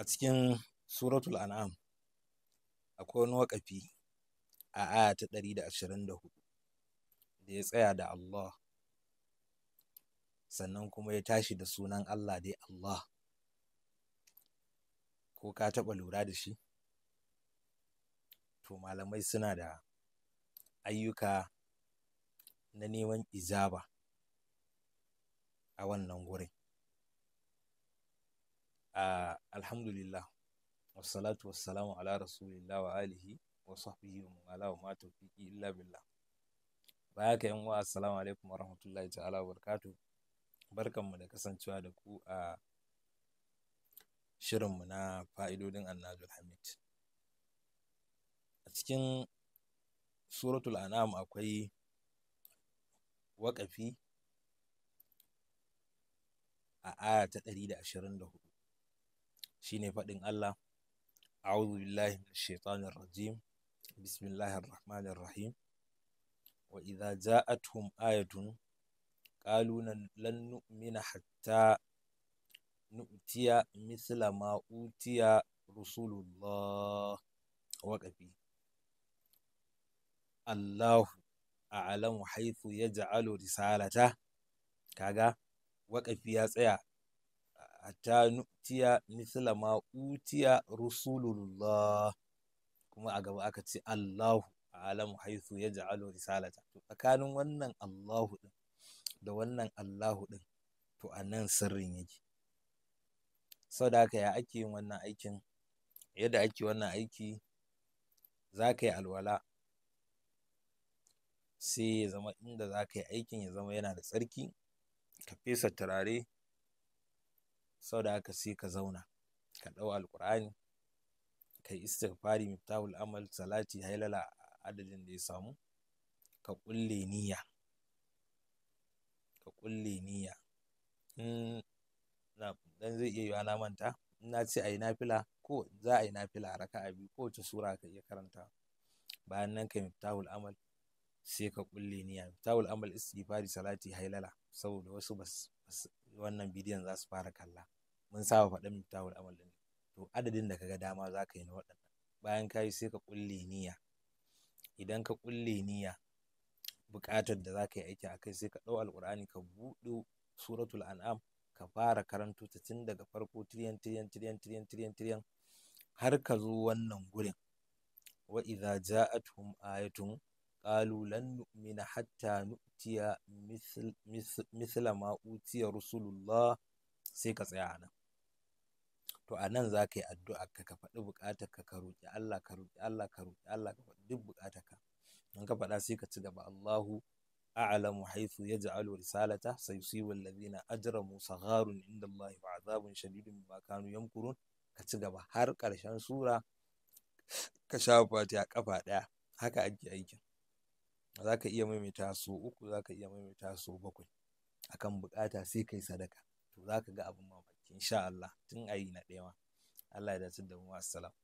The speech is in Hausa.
a cikin suratul an'am akwai wani waƙafi a aya ta ɗari da ashirin da hudu da ya tsaya da Allah sannan kuma ya tashi da sunan Allah dai Allah ko ka taɓa lura da shi to malamai suna da ayyuka na neman izaba a wannan wurin. uh, alhamdulillah wassalatu wassalamu ala rasulillah wa alihi wa sahbihi wa mala wa ma tawfiqi illa billah ba ka yan uwa assalamu alaikum wa rahmatullahi ta'ala wa barakatuh barkanmu da kasancewa da ku a mu na fa'idodin annajul hamid a cikin suratul anam akwai waƙafi a aya ta ɗari da ashirin hudu shine faɗin Allah a'udhu billahi minash shaitanir rajim bismillahir rahmanir rahim wa idza ja'atuhum ayatun qalu lan nu'mina hatta nu'tiya mithla ma utiya rusulullah wa kafi Allahu a'lamu haythu yaj'alu risalata kaga waƙafi ya tsaya hatta nu'tiya misla ma utiya rusulullah kuma a gaba aka ce Allahu alamu haithu ya ja'alu risalata to tsakanin wannan Allahu din da wannan Allahu din to a nan sirrin yake saboda haka ya ake yin wannan aikin yadda ake wannan aiki za ka yi alwala sai ya zama inda za ka yi aikin ya zama yana da tsarki ka fesa turare sau da haka sai ka zauna ka ɗau alƙur'ani ka yi istighfari miftahul amal salati hailala adadin da ya samu ka ƙulle niyya ka ƙulle niyya in dan zai iya yi na manta in na ce a yi nafila ko za a yi nafila a raka'a biyu wace sura ka iya karanta bayan nan kai miftahul amal sai ka ƙulle niyya miftahul amal istighfari salati hailala saboda wasu bas wannan bidiyon za su fara kalla mun saba faɗin miftahul amal ne to adadin da kaga dama za ka yi na waɗannan bayan ka yi sai ka ƙulle niyya idan ka ƙulle niyya buƙatar da za ka yi aiki a kai sai ka ɗau alƙur'ani ka buɗe suratul an'am ka fara karanto ta tun daga farko tiryan tiryan tiryan tiryan tiryan tiryan har ka zo wannan gurin wa idza ja'atuhum ayatun قالوا لن نؤمن حتى نؤتي مثل, مثل, ما أوتي رسول الله sai ka tsaya to a nan za ka yi addu'a ka ka faɗi buƙatar ka ka roƙi Allah ka roƙi Allah ka roƙi Allah ka faɗi duk buƙatar in ka faɗa sai ka ci gaba Allahu a'lamu haythu yaj'alu risalata sayusibu alladhina ajramu sagharun inda Allah wa azabun shadidun bima kanu yamkurun ka ci gaba har ƙarshen sura ka shafa ta kafa ɗaya haka ake aikin za ka iya maimaita so uku za ka iya maimaita so bakwai akan bukata sai kai sadaka to za ka ga abin mamaki insha Allah tun ayi na ɗaya ma Allah ya dace da mu assalamu